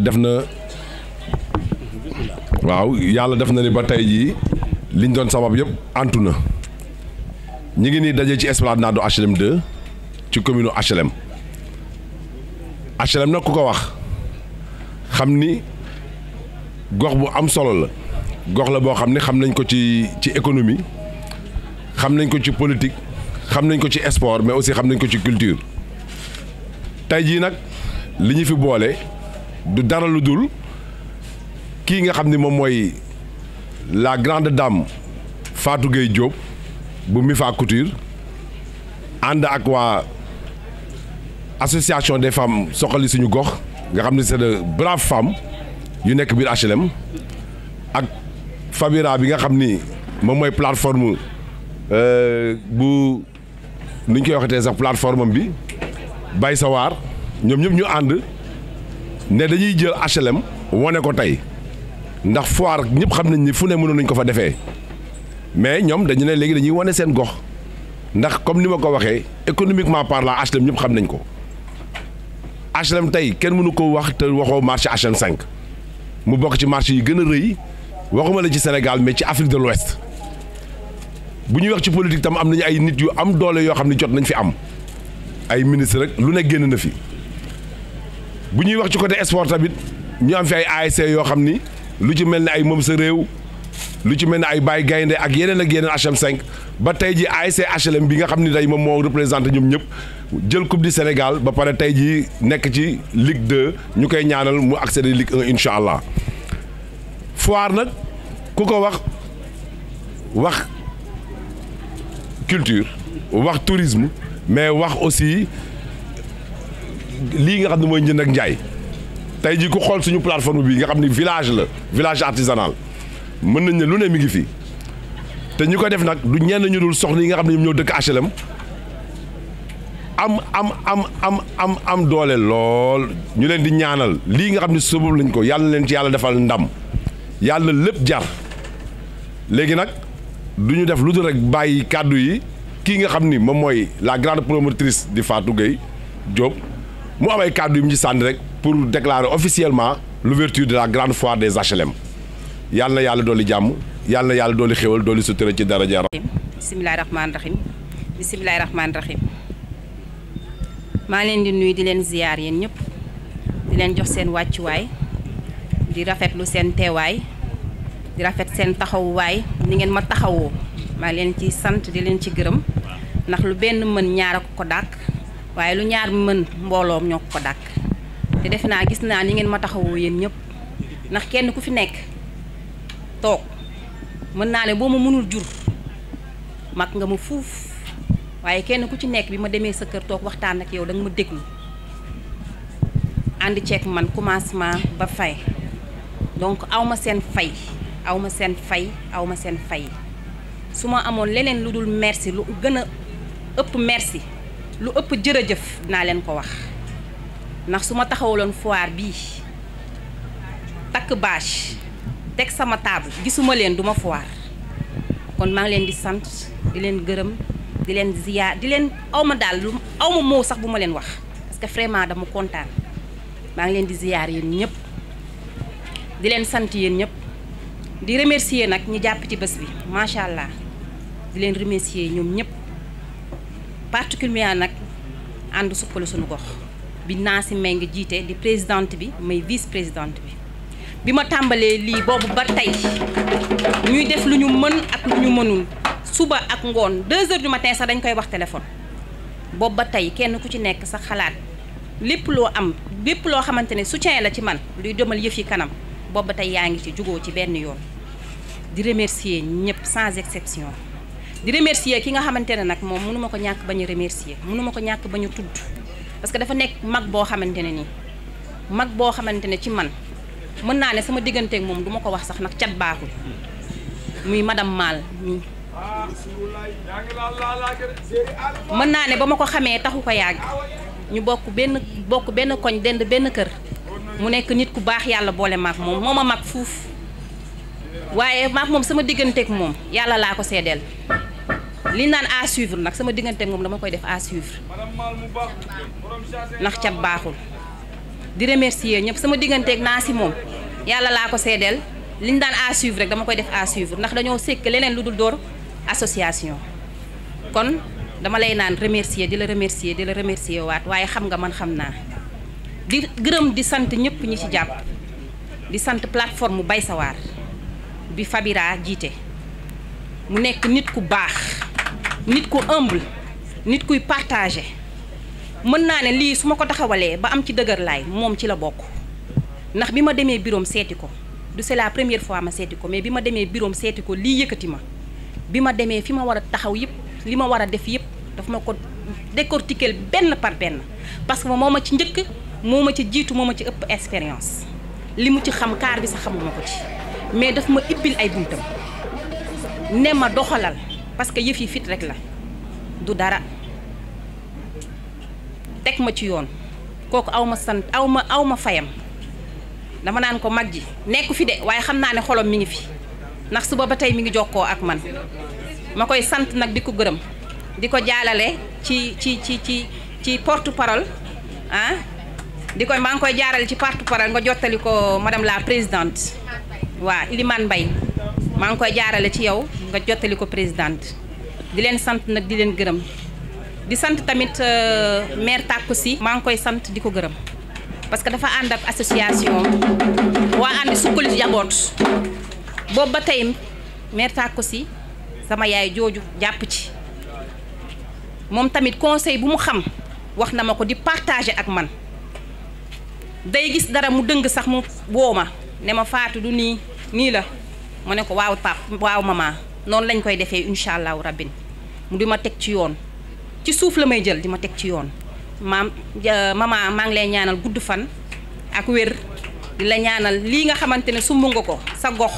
def na waaw yàlla def na ni ba tey jii liñ doon sabab yëpp antu na ñu ngi nii daje ci esplanade HLM 2 ci commune HLM HLM na ku ko wax xam ni gox bu am solo la gox la boo xam ne xam nañ ko ci ci économie xam nañ ko ci politique xam nañ ko ci sport mais aussi xam nañ ko ci culture tey jii nag li ñu fi boole du dara lu dul kii nga xam ni moom mooy la grande dame Fatou Gueye Diop bu Mifa Couture ànd ak waa association des femmes soxali suñu gox nga xam ni c'est de brave femme yu nekk biir HLM ak Fabira bi nga xam ni moom mooy plateforme euh, bu nuñ koy waxatee sax plateforme am bi bay sa waar ñoom ñëpp ñu ànd ne dañuy jël HLM wane ko tey ndax foire ñëpp xam nañ ni fu ne mënoon nañ ko fa defee mais ñoom dañu ne léegi dañuy wane seen gox ndax comme ni ma ko waxee économiquement parlant HLM ñëpp xam nañ ko HLM tey kenn mënu ko wax te waxoo marché HLM 5 mu bokk ci marché yi gën a rëy waxuma la ci Sénégal mais ci Afrique de l'Ouest bu ñuy wax ci politique tam am nañu ay nit yu am doole yoo xam ne jot nañ fi am ay ministre rek lu ne génn na fi. bu ñuy wax ci côté sport tamit ñu am fi ay ASC yoo xam ni lu ci mel ne ay moom sa réew lu ci mel ne ay Baye Gaynde ak yeneen ak yeneen HM5 ba tey ji ASC HLM bi nga xam ni tey moom moo représenté ñoom ñëpp jël coupe du Sénégal ba pare tey ji nekk ci Ligue 2 ñu koy ñaanal mu accéder Ligue 1 incha allah foire nag ku ko wax wax culture wax tourisme mais wax aussi. lii nga xam ne mooy njënd ak njaay tey jii ku xool suñu plateforme bi nga xam ni village la village artisanal mën nañ ne lu ne mi ngi fi te ñu ko def nag du ñenn ñu dul soxna yi nga xam ne ñoom ñoo dëkk HLM am am am am am am doole lool ñu leen di ñaanal lii nga xam ne sabab lañ ko yàlla leen ci yàlla defal ndam yàlla lépp jar léegi nag du ñu def lu dul rek bàyyi kàddu yi kii nga xam ni moom mooy la grande promotrice di faa Gueye Diop Moi am ay kàddu rek pour déclarer officiellement l'ouverture de la grande foire des HLM yàlla na doli jamm jàmm yàlla doli xewal doli xéwal ci dara jaar. bismillahir rahmanir rahim bismillahir rahmanir rahim ma len di nuy di len ziar yéen ñep di len jox waccu way di lu sen teway di rafet seen way ni ngeen ma taxawoo ma len ci sante di len ci gërem nak lu benn mën ñaara ko ko dak waye lu ñaar mën mbolom ñok ko dak te def na gis na ni ngeen ma taxawoo yeen ñep ndax kenn ku fi nek tok mën na ne boma mënul jur mak nga ma fuf waye kenn ku ci nek bi ma sa kër tok waxtaan ak yow da nga ma déglu ci ak man commencement ba fay donc aw ma fay aw ma fay aw ma fay suma amone leneen lu merci lu gëna ëpp merci lu ëpp jërëjëf naa leen ko wax ndax su ma taxawaloon foire bii takk bâche teg sama table gisuma leen duma foire kon maa ngi leen di sant di leen gërëm di leen ziya di leen awma daal lu awma moo sax bu ma leen wax parce que vraiment dama kontaan maa ngi leen di ziyaar yéen ñëpp di leen sant yéen ñëpp di remercier nag ñi jàpp ci bés bi macha di leen remercier ñoom ñëpp particulièrement nag ànd suqali suñu gox bi naa si jité di présidente bi may vice présidente bi bi ma tàmbalee lii boobu ba tey ñuy def luñu mën ak luñu mënul suba ak ngoon deux heures du matin sax dañ koy wax téléphone bobu ba tey kenn ku ci nekk sa xalaat lepp lo am lépp lo xamantene soutien la ci man luy demal yëf yi kanam bobu ba yaangi ci jugo ci benn yoon di remercier ñëpp sans exception di remercier ki nga xamantene nak mom munu mako ñak bañu remercier munu mako ñak bañu tudd parce que dafa nek mag bo xamantene ni mag bo xamantene ci man mën na ne sama digënté ak mom duma ko wax sax nak chat baaxul muy madame Mal mi mën na ne bama ko xamé taxu ko yàgg ñu bokku ben bokku ben koñ dend ben kër mu nek nit ku baax yalla boole mak mom moma mak mag waye mak mom sama digënté ak mom yalla la ko sédel li nane à suivre nak sama diggante mom dama koy def à suivre nak ci baaxul di remercier ñep sama digganteeg ak nasi mom yalla la ko sédel liñ daan à suivre rek dama koy def à suivre nak dañoo sék leneen luddul door association kon dama lay nane remercier di la remercier di la remercier waat waye xam nga man xamna di gërëm di sante ñep ñi ci japp di sante plateforme Bay sawar, bi Fabira jité mu nek nit ku bax nit ku humble nit kuy partagé mën naa ne lii su ma ko taxawalee ba am ci dëgërlaay moom ci la bokk ndax bi ma demee biroom seeti ko du c'est la première fois ma seeti ko mais bi ma demee biroom seeti ko lii yëkkati ma bi ma demee fi ma war a taxaw yëpp li ma war a def yëpp daf ma ko décortiquer benn par benn parce que moom ma ci njëkk moom ma ci jiitu moo ma ci ëpp expérience li mu ci xam kaar bi sax xamuma ko ci mais daf ma ibbil ay buntam ne ma parce que yëf yi fit rek la du dara teg ma ci yoon kooku aw ma sant aw ma aw ma fayam dama naan ko mag ji nekk fi de waaye xam naa ne xolom mi ngi fi ndax suba ba tey mi ngi jokkoo ak man ma koy sant nag di ko gërëm di ko jaalale ci ci ci ci ci porte parole ah di koy maa ngi koy jaarale ci porte parole nga jottali ko madame la présidente waa Ilimane mbay maa ngi koy jaarale ci yow nga jottali ko présidente di leen sant nag di leen gërëm di sant tamit euh, maire Tàkku Si maa ngi koy sant di ko gërëm parce que dafa ànd ak association waa ànd sukkali jaboot boobu ba tey maire Tàkku Si sama yaay jooju jàpp ci moom tamit conseil bu mu xam wax na ma ko di partager ak man day gis dara mu dëng sax mu woo ma ne ma faatu du nii nii la mu ne ko waaw pap waaw mama noonu lañ koy defee incha allahu rabbin mu di ma teg ci yoon ci suuf la may jël di ma teg ci yoon maam maman maa ngi lay ñaanal gudd fan ak wér di la ñaanal lii nga xamante ne sumb nga ko sa gox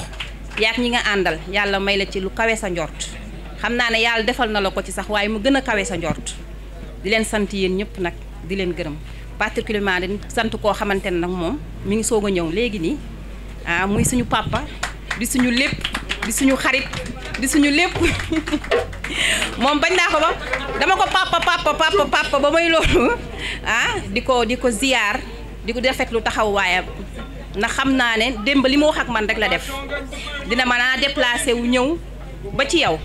yaak ñi nga àndal yàlla may la ci lu kawe sa njort xam naa ne yàlla defal na la ko ci sax waaye mu gën a kawe sa njort di leen sant yéen ñëpp nag di leen gërëm particulièrement di sant koo xamante ne nag moom mi ngi soog a ñëw léegi nii ah, suñu papa di suñu lépp di suñu xarit di suñu lépp moom bañ naa ko ba dama ko papa papa papa ba may loolu ah di ko di ko ziyaar di ko taxaw waaye ndax xam naa ne démb li mu wax man rek la def dina mën a déplacé wu ñëw ba ci yow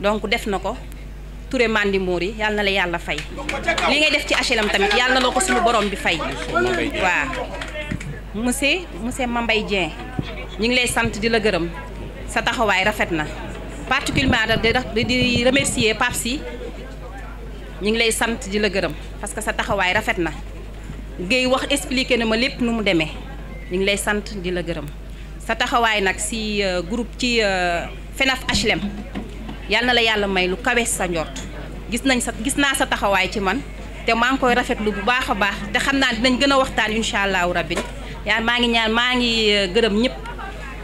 donc def na ko Touré Mandi Mour yi yàlla na la yàlla fay li ngay def ci HLM tamit yàlla na la ko suñu borom bi fay waaw monsieur monsieur Mambay Dieng ñi ngi lay sant di la gëreum sa taxaway rafetna na particulièrement di di remercier papsi ñi ngi lay sant di la gëreum parce que sa taxaway rafetna na wax expliquer na ma lepp nu mu démé ñi ngi lay sant di la gëreum sa taxaway nak si euh, groupe ci euh, FENAF HLM Ya na la yalla may lu kawé sa ñort gis nañ sa gis na sa taxaway ci man te ma ngi koy rafetlu bu baaxa Ya baax té xamna dinañ gëna waxtaan inshallah rabbi ñaan ngi euh,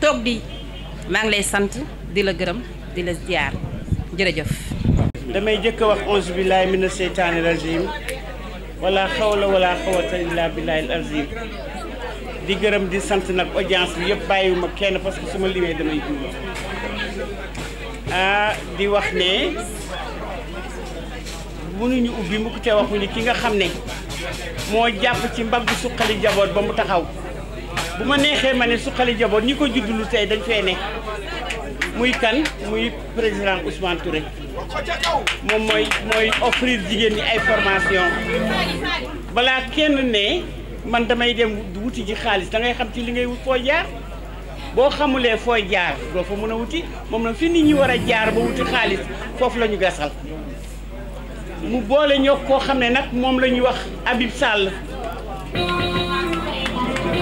toog di maa ngi lay sant di la gërëm di la ziar jërëjëf. damay jëkk wax auzu billaahi mina seytaani rajim wala xawla wala xawata illa billahi al di gërëm di sant nag audience bi yëpp bàyyiwuma kenn parce que su ma damay juum ah di wax ne mënuñu ubbi mu ko te waxuñu ki nga xam ne jàpp ci mbagg suqali jaboot ba mu taxaw. bu ma neexee ma ne suqali jaboot ñi ko juddulu tey dañ fee ne muy kan muy président Ousmane Touré moom mooy mooy offrir jigéen ñi ay formation balaa kenn ne man damay dem wuti ji xaalis da ngay xam ci li ngay wut foo jaar boo xamulee fooy jaar doo fa mën a wuti moom la fi nit ñi war a jaar ba wuti xaalis foofu la ñu gasal mu boole ñoo koo xam ne nag moom la ñuy wax Habib Sall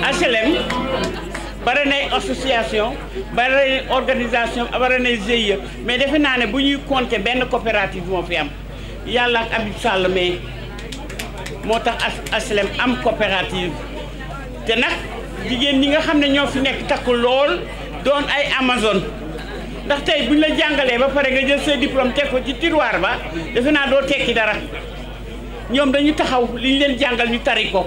HLM bare nay association bare nay organisation bare nay GIE mais defe naa ne bu ñuy conté benn coopérative moo fi am yàlla ak Habib Sall moo tax HLM am coopérative te nag jigéen ñi nga xam ne ñoo fi nekk takku lool doon ay Amazon ndax tey buñ la jàngalee ba pare nga jël sa diplôme teg ko ci tiroir ba defe naa doo tekki dara ñoom dañu taxaw li leen jàngal ñu tari ko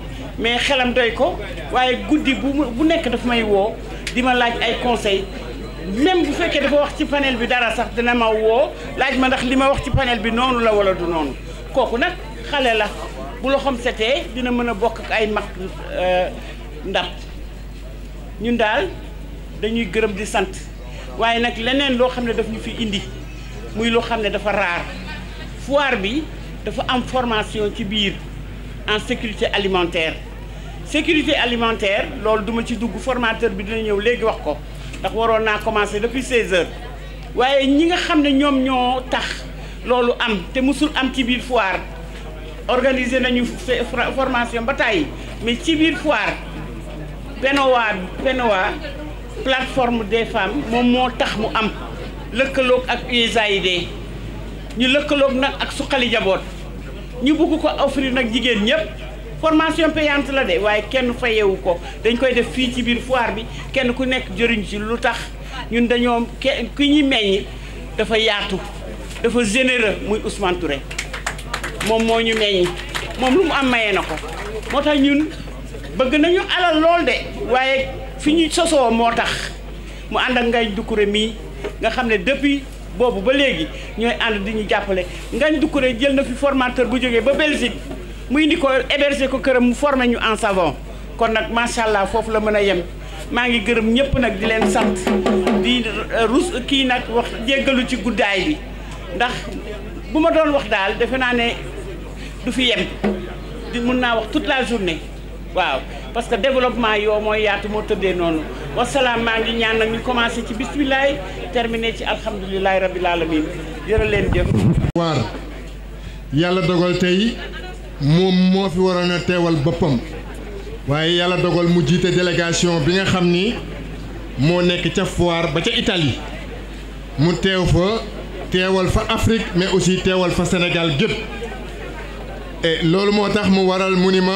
mais xelam doy ko waaye guddi bu bu nekk dafa may woo di ma laaj ay conseil même bu fekkee dafa wax ci panel bi dara sax dina ma woo laaj ma ndax li ma wax ci panel bi noonu la wala du noonu kooku nag xale la bu loxoom setee dina mën a bokk ak ay mag euh, ndab ñun daal dañuy gërëm di sant waaye nag leneen loo xam ne daf ñu fi indi muy loo xam ne dafa raar foire bi dafa am formation ci biir en sécurité alimentaire sécurité alimentaire loolu duma ci dugg formateur bi dina ñëw léegi wax ko ndax waroon naa commencé depuis 16 heures waaye ñi nga xam ne ñoom ñoo tax loolu am te musul am ci biir foire organiser nañu formation ba tàyyi mais ci biir foire PENOA PENOA plateforme des femmes moom moo tax mu am lëkkaloog ak USAID ñu lëkkaloog nag ak suqali jaboot ñu bugg ko offrir nag jigéen ñëpp formation payante la de waaye kenn fayewu ko dañ koy def fii ci biir foire bi kenn ku nekk jëriñ ci lu tax ñun dañoo kenn ki ñuy meññ dafa yaatu dafa généreux muy Ousmane moom moo ñu meññ moom lu mu am maye na ko moo tax ñun bëgg nañu alal lool de waaye fi ñuy sosoo moo tax mu ànd ak ngay dukkure mii nga xam ne depuis boobu ba léegi ñooy ànd di ñu jàppale Ngagne Doucouré jël na fi formateur bu jógee ba Belgique mu indi ko héberger ko këram mu formé ñu en savon kon nag macha allah foofu la mën a yem maa ngi gërëm ñëpp nag di leen sant di rus kii nag wax jéggalu ci guddaay bi ndax bu ma doon wax daal defe naa ne du fi yem di mun naa wax toute la journée waaw parce que développement yoo mooy yaatu moo tëddee noonu wasalaam maa ngi ñaan nag ñu commencé ci bisimilaay terminé ci alhamdulilahi rabil alamin jërë leen jëf waar yàlla dogal tey moom moo fi waroon a teewal boppam waaye yàlla dogal mu jiite délégation bi nga xam ni moo nekk ca foire ba ca Italie mu teew fa teewal fa Afrique mais aussi teewal fa senegal gépp loolu moo tax mu waral mu ni ma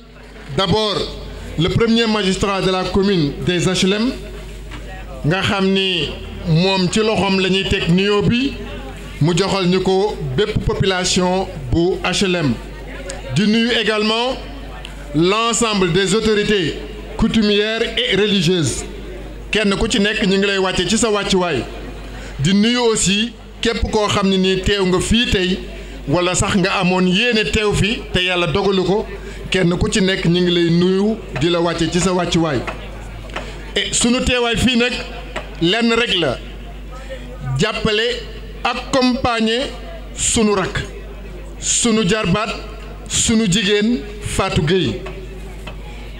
d'abord le premier magistrat de la commune des HLM nga xam ni moom ci loxoom la ñuy teg bi mu joxal population bu HLM di nuyu également l'ensemble des autorités coutumières et religieuses kenn ku ci nek ñu ngi lay wàcce ci sa di aussi képp koo xam ne nii nga fii tey wala sax nga amoon yéene teyala fi kenn ku ci nekk ñu ngi lay nuyu di la wàcce ci sa wàccuwaay et eh, sunu teewaay fii nag lenn rekk la jàppale ak accompagner sunu rakk sunu jarbaat sunu jigéen faatu géy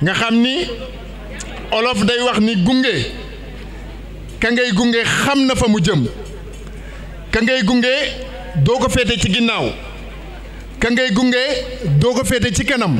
nga xam ni olof day wax ni gunge ka ngay gunge xam na fa mu jëm ka ngay gunge doo ko féete ci ginnaaw ka ngay gunge doo ko féete ci kanam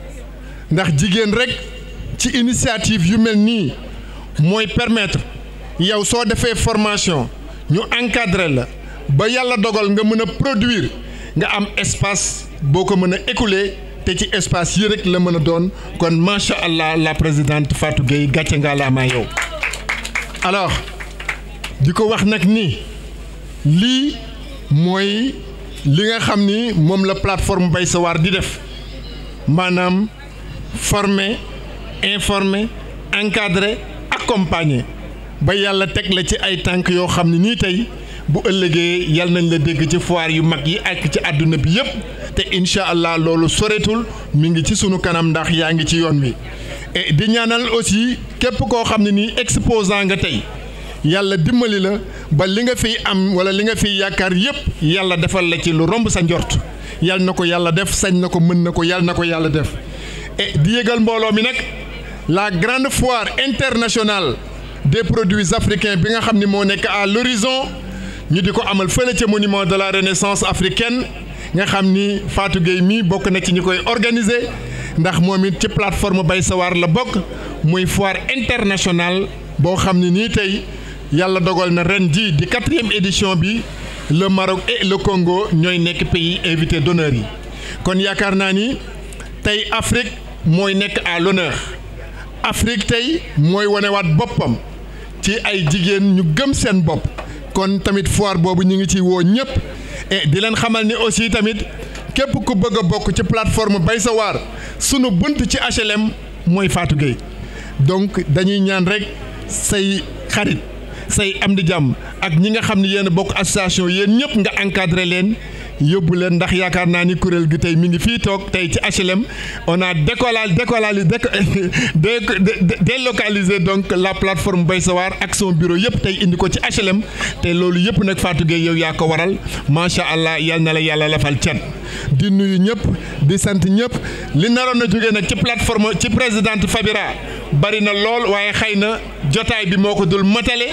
ndax jigéen rek ci initiative yu mel nii mooy permettre yow soo defee formation ñu encadrer la ba yàlla dogal nga mën a produire nga am espace boo ko mën a écouler te ci espace yi rek la mën a doon kon macha allah la présidente Fatou Gueye gàcce nga la amaa yow alors di ko wax nag ni lii mooy li nga xam ni moom la plateforme Bay Sa War di def maanaam former informer encadrer accompagner ba yalla teg la ci ay tank yo xamni ni tay bu ëllëgee yalla nañ la dégg ci foire yu mag yi ak ci aduna bi yëpp te inshallah allah soretul mi ngi ci sunu kanam ndax yaangi ci yoon wi et di ñaanal aussi képp ko xamni ni exposant nga tay yalla dimbali la ba li nga fiy am wala li nga fiy yaakaar yëpp yalla defal la ci lu romb sa njort yalla nako yalla def sañ nako mën nako yalla nako yalla def et di Mbolo mbooloo la grande foire internationale des produits africains bi nga à l'horizon nous avons le amal monument de la renaissance africaine nga avons fait Fatou Gueye de bokk na ci nous avons organiser ndax plateforme Bay Sawar la bokk une foire internationale boo xam ni nii tey yàlla dogal na ren ji di quatrième édition le Maroc et le Congo sont nekk pays invités d'honneur yi kon avons fait ni tey Afrique mooy nekk à l'honneur Afrique tey mooy wanewaat boppam ci ay jigéen ñu gëm seen bopp kon tamit foire boobu ñu ngi ci woo ñëpp di leen xamal ni aussi tamit képp ku bëgg a bokk ci plateforme Bay sa waar sunu bunt ci HLM mooy Fatou Gueye donc dañuy ñaan rek say xarit say am di jàmm ak ñi nga xam ne yéen bokk association yéen ñëpp nga encadré leen yóbbu leen ndax yaakaar naa ni kuréel gi tey mi ngi fii toog tey ci HLM on a décollal décollal délocalisé donc la plateforme Bay Sawar ak son bureau yëpp tey indi ko ci HLM te loolu yëpp nag Fatou Gueye yow yaa ko waral macha allah yal na la yàlla lafal cat di nuyu ñëpp di sant ñëpp li naroon na jógee nag ci plateforme ci présidente Fabira bari na lool waaye xëy na jotaay bi moo ko dul matale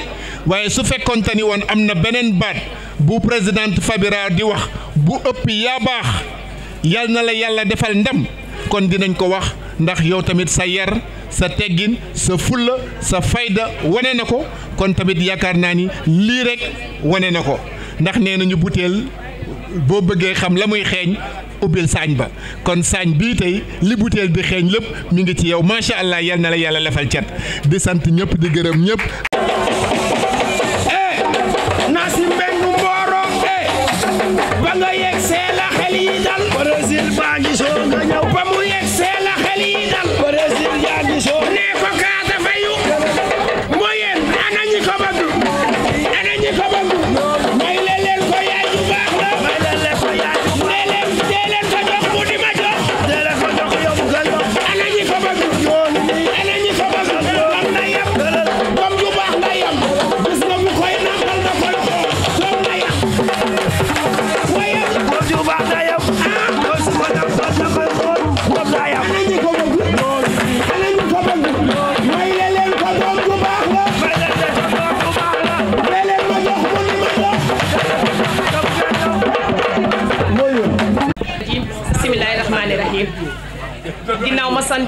waaye su fekkoon te ni woon am na beneen baat. bu présidente Fabira di wax bu ëpp yaa baax yal na la yàlla defal ndam kon dinañ ko wax ndax yow tamit sa yar sa teggin sa fulla sa fayda wane na ko kon tamit yaakaar naa ni lii rek wane na ko ndax nee nañu butéel boo bëggee xam la muy xeeñ ubbil saañ ba kon saañ bii tey li butéel bi xeeñ lépp mi ngi ci yow macha allah yal na la yàlla defal cet di sant ñëpp di gërëm ñëpp.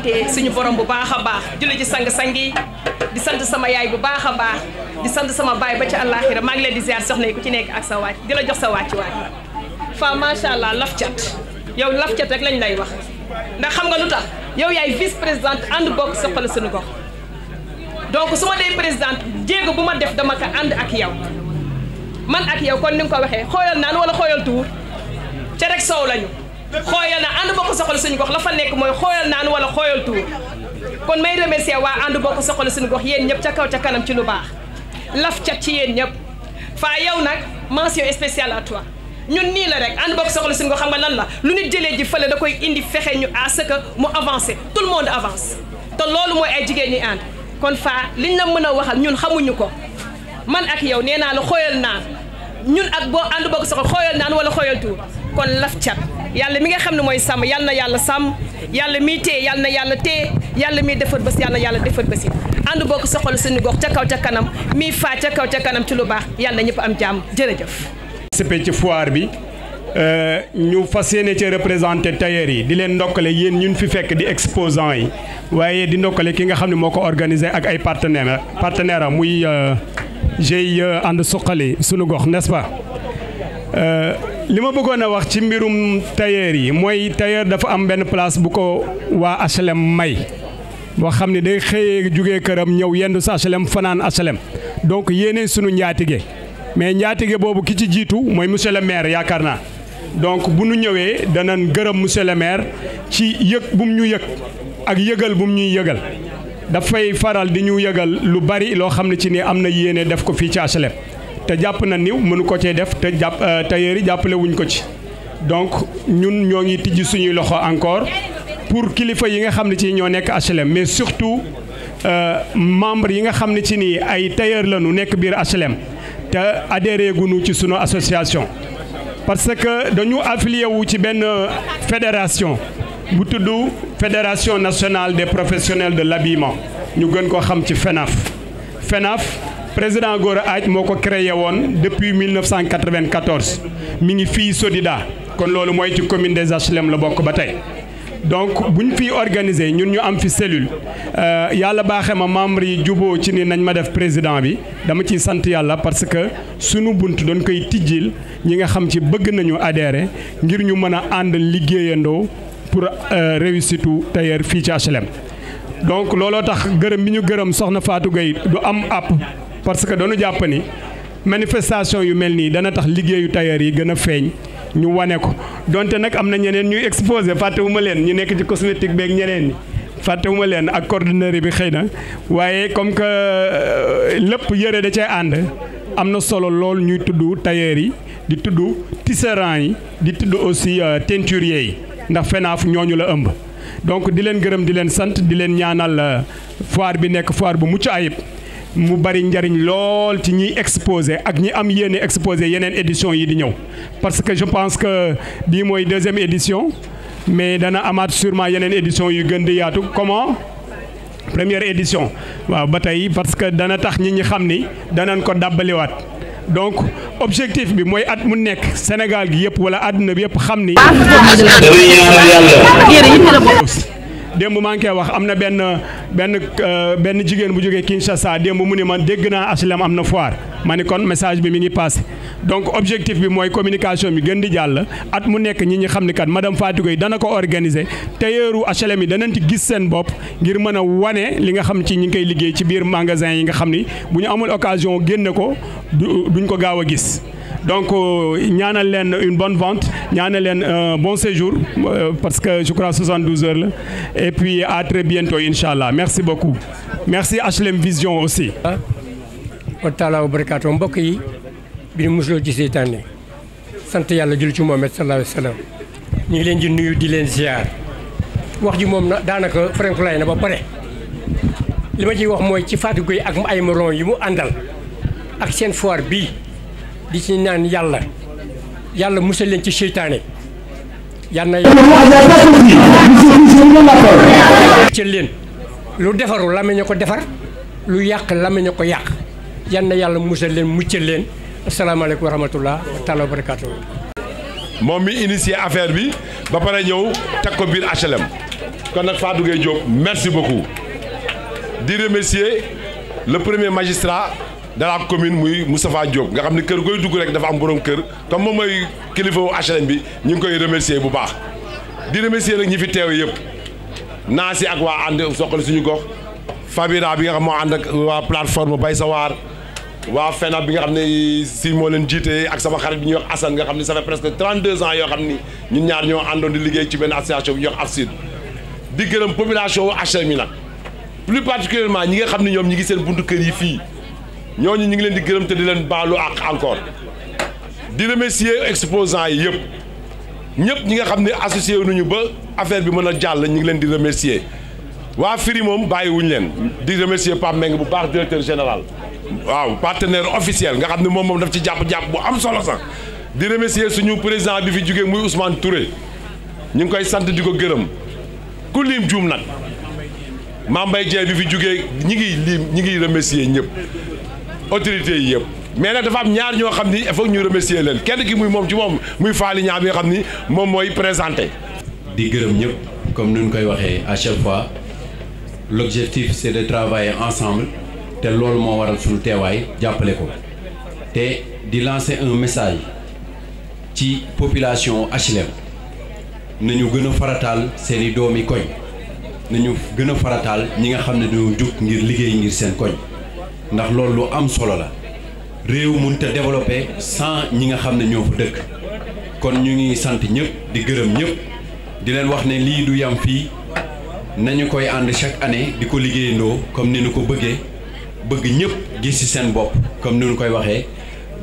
te suñu borom bu baax a baax julli ci sang-sang yi di sant sama yaay bu baax a baax di sant sama baay ba ci àllaaxira maa ngi leen di ziar soxna yi ci nekk ak sa wàcc di la jox sa wàcc waay macha allah laf cat yow laf cat rek lañ lay wax ndax xam nga lu tax yow yaay vice présidente ànd bokk soxla suñu gox donc su dee présidente jéego bu ma def dama ko ànd ak yow man ak yow kon ni nga ko waxee xooyal naan wala xooyal tuur ca rek soow lañu xooyal naa ànd bokk soxla suñu gox la fa nekk mooy xooyal naan wala xooyal tuur kon may remercier waa ànd ko soxla suñu gox yéen ñëpp ca kaw ca kanam ci lu baax laf cat ci yéen ñëpp faa yow nag mention spéciale à toi ñun nii la rek ànd bokk soxla suñu gox xam nga lan la lu ñu jëlee ji fële da koy indi fexe ñu à ce que mu avancé tout le monde avance te loolu mooy ay jigéen ñuy ànd kon faa liñ la mën a waxal ñun xamuñu ko man ak yow nee naa la xooyal naan ñun ak boo ànd bokk soxla xooyal naan wala xooyal kon laf cat yàlla mi nga xam ne mooy sàmm yàlla na yàlla sàmm yàlla mii téye yàlla na yàlla téye yàlla miy defar bés yàlla yàlla defar bés yi ànd bokk soxal suñu gox ca kaw ca kanam miy faa ca kaw ca kanam ci lu baax yàlla na ñëpp am jàmm jërëjëf. participé ci foire bi euh, ñu fa yéene ci représenté tailleur yi di leen ndokkale yéen ñun fi fekk di exposant yi waaye di ndokkale ki nga xam ne moo ko organisé ak ay partenaire partenaire am muy euh, GIE ànd suqali suñu gox nest li ma bëggoon a wax ci mbirum tailleur yi mooy tailleur dafa am benn place bu ko waa HLM may boo xam ne day xëyee jóge këram ñëw yenn sa HLM fanaan HLM donc yéene sunu njaatige mais njaatige boobu ki ci jiitu mooy monsieur le maire yaakaar naa donc bu nu ñëwee danañ gërëm monsieur le maire ci yëg bu mu ñu yëg ak yëgal bu mu ñuy yëgal dafay faral di ñu yëgal lu bari loo xam ne ci ni am na yéene def ko fii ci HLM. te jàpp na niu mënu ko def te jàpp euh, tailleur yi wuñ ko ci donc ñun ñoo tiji tijji suñuy loxo encore pour kilifa yi nga xam ne ci HLM mais surtout euh, membre yi nga xam ne ci nii ay tailleur la ñu bir biir HLM te gunu ci association parce que dañu affilié wu ci benn fédération bu fédération nationale des professionnels de l'habillement ñu gën ko xam ci FENAF FENAF président Gora Aaj moo ko créé woon depuis 1994 mi ngi fii Sodida kon loolu mooy ci commune des HLM la bokk ba tey donc bu ñu fiy organiser ñun ñu am fi cellule euh, yàlla baaxee ma membre yi juboo ci ni nañ ma def président bi dama ciy sant yàlla parce que sunu bunt doon koy tijjil ñi nga xam ci bëgg nañu adhérer ngir ñu mën a ànd liggéeyandoo pour euh, réussite tailleur fii ci HLM donc looloo tax gërëm bi ñu gërëm soxna Fatou Gueye du am app parce que dañu jàpp ni manifestation yu mel nii dana tax liggéeyu tailleur yi gën a feeñ ñu wane ko donte nag am na ñeneen ñuy exposé fàttewuma leen ñu nekk ci cosmétique beeg ñeneen ñi fàttewuma leen ak coordinateur bi xëy na waaye comme que euh, lépp yëre da cee ànd am na solo lool ñuy tudd tailleur yi di tudd tisserand yi di tudd aussi euh, teinturier yi ndax FENAF ñooñu la ëmb donc di leen gërëm di leen sant di leen ñaanal euh, foire bi nekk foire bu mucc ayib. mu bari njariñ lool ci ñi exposé ak ñi am yene exposé yenen édition yi di ñew parce que je pense que bi moy deuxième édition mais dana amat sûrement yenen édition yu gën di yaatu comment première édition waaw ba parce que dana tax ñi ñi xam danañ ko wat donc objectif bi moy at mu nekk Sénégal gi yëpp wala aduna bi yëpp xamni démb maa ngi koy wax am na benn benn euh, benn jigéen bu jógee Kinshasa démb mu ne man dégg naa HLM am na foire ma ne kon message bi mi ngi passé donc objectif bi mooy communication bi gën di jàll at mu nekk ñi ñi xam ne kat faa Fatou Gueye dana ko organiser tailleur HLM yi danañ ci gis seen bopp ngir mën a wane li nga xam ci ñi ngi koy liggéey ci biir magasin yi nga xam ni bu ñu amul occasion génne ko du duñ ko gaaw a gis donc euh, ñaanal leen une bonne vente ñaanal leen un bon séjour euh, parce que je crois 72 heures Là. et puis à très bientôt incha merci beaucoup merci HLM Vision aussi. wa taalaa wa barakaatu mbokk yi bi nu musuloo ci seytaane sant yalla jul ci Muhammad sallallahu alayhi wa sallam ñu ngi leen di nuyu di leen ziar wax ji mom na daanaka farankulaay na ba pare li ma ciy wax moy ci Fatou Gueye ak ay moroom yi mu andal ak sen foire bi di ci naan yàlla yàlla musal leen ci seytaane yàlla ci leen lu defaru làmmiñ a ko defar lu yàq làmmiñ a ko yàq yal yàlla musal leen muccal leen asalaamaaleykum wa rahmatullah wa wa barakaatu moom mi initié affaire bi ba pare ñëw teg ko biir HLM kon nag Fatou Gueye Diop merci beaucoup di remercier le premier magistrat de la commune muy Moustapha Diop nga xam ne kër koy dugg rek dafa am borom kër comme moom mooy kilifa wu HLM bi ñu ngi koy remercier bu baax di remercier nag ñi fi teew yëpp naa si ak waa ànd soxal suñu gox Fabira bi nga xam ànd waa plateforme Bay Sa Waar waa FENAB bi nga xam ne si moo leen jiite ak sama xarit bi ñu wax Assane nga xam ne ça fait presque 32 ans yoo xam ni ñu ñaar ñoo àndoon di liggéey ci benn association bi ñuy wax AFSID di gërëm population wu HLM yi nag plus particulièrement ñi nga xam ne ñoom ñi ngi seen buntu kër yi fii ñooñu ñu ngi leen di gërëm te di leen baalo ak encore di remercier exposants yi yëpp ñëpp ñi nga xam ni associé nuñu ba affaire bi mën a jàll ñu ngi leen di remercier waa Firi moom bàyyiwuñu leen di remercier Pape Meng bu baax directeur général waaw partenaire officiel nga xam ne moom moom daf ci jàpp-jàpp bu am solo sax di remercier suñu président bi fi jógee muy Ousmane Touré ñu ngi koy sant di ko gërëm ku lim juum nag Mambay Dieng bi fi jógee ñi ngi lim ñi ngi remercier ñëpp autorité yi yëpp mais nak dafa am ñaar ño xamni ni foog ñu remercier leen kenn ki muy mom ci mom muy faali ñaar bi xamni mom moy moom présenté di gëreum ñëpp comme nuñ koy waxé à chaque fois l'objectif c'est de travailler ensemble té lool mo waral suñu teewaay jappalé ko té di lancer un message ci population HLM nañu gëna faratal farataal doomi koñ nañu gëna faratal ñi nga xam ne dañoo ngir liggéey ngir seen koñ ndax loolu lu am solo la réew mënut a développé sans ñi nga xam ne ñoo fa dëkk kon ñu ngi sant ñëpp di gërëm ñëpp di leen wax ne lii du yam fii nañu koy ànd chaque année di ko liggéeyandoo comme ni nu ko bëggee bëgg ñëpp gis ci seen bopp comme ni nu koy waxee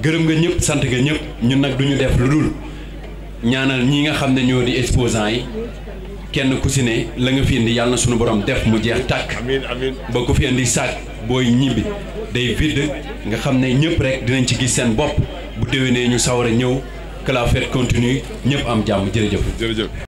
gërëm nga ñëpp sant nga ñëpp ñun nag duñu def lu dul ñaanal ñi nga xam ne ñoo di exposants yi kenn ku si ne la nga fi indi yàlla na sunu borom def mu jeex tàkk ba ko fi indi sàkk booy ñibbi day vide nga xam ne ñëpp rek dinañ ci gis seen bopp bu nee ñu sawar a ñëw que la fête continue ñëpp am jàmm jërëjëf. jërëjëf.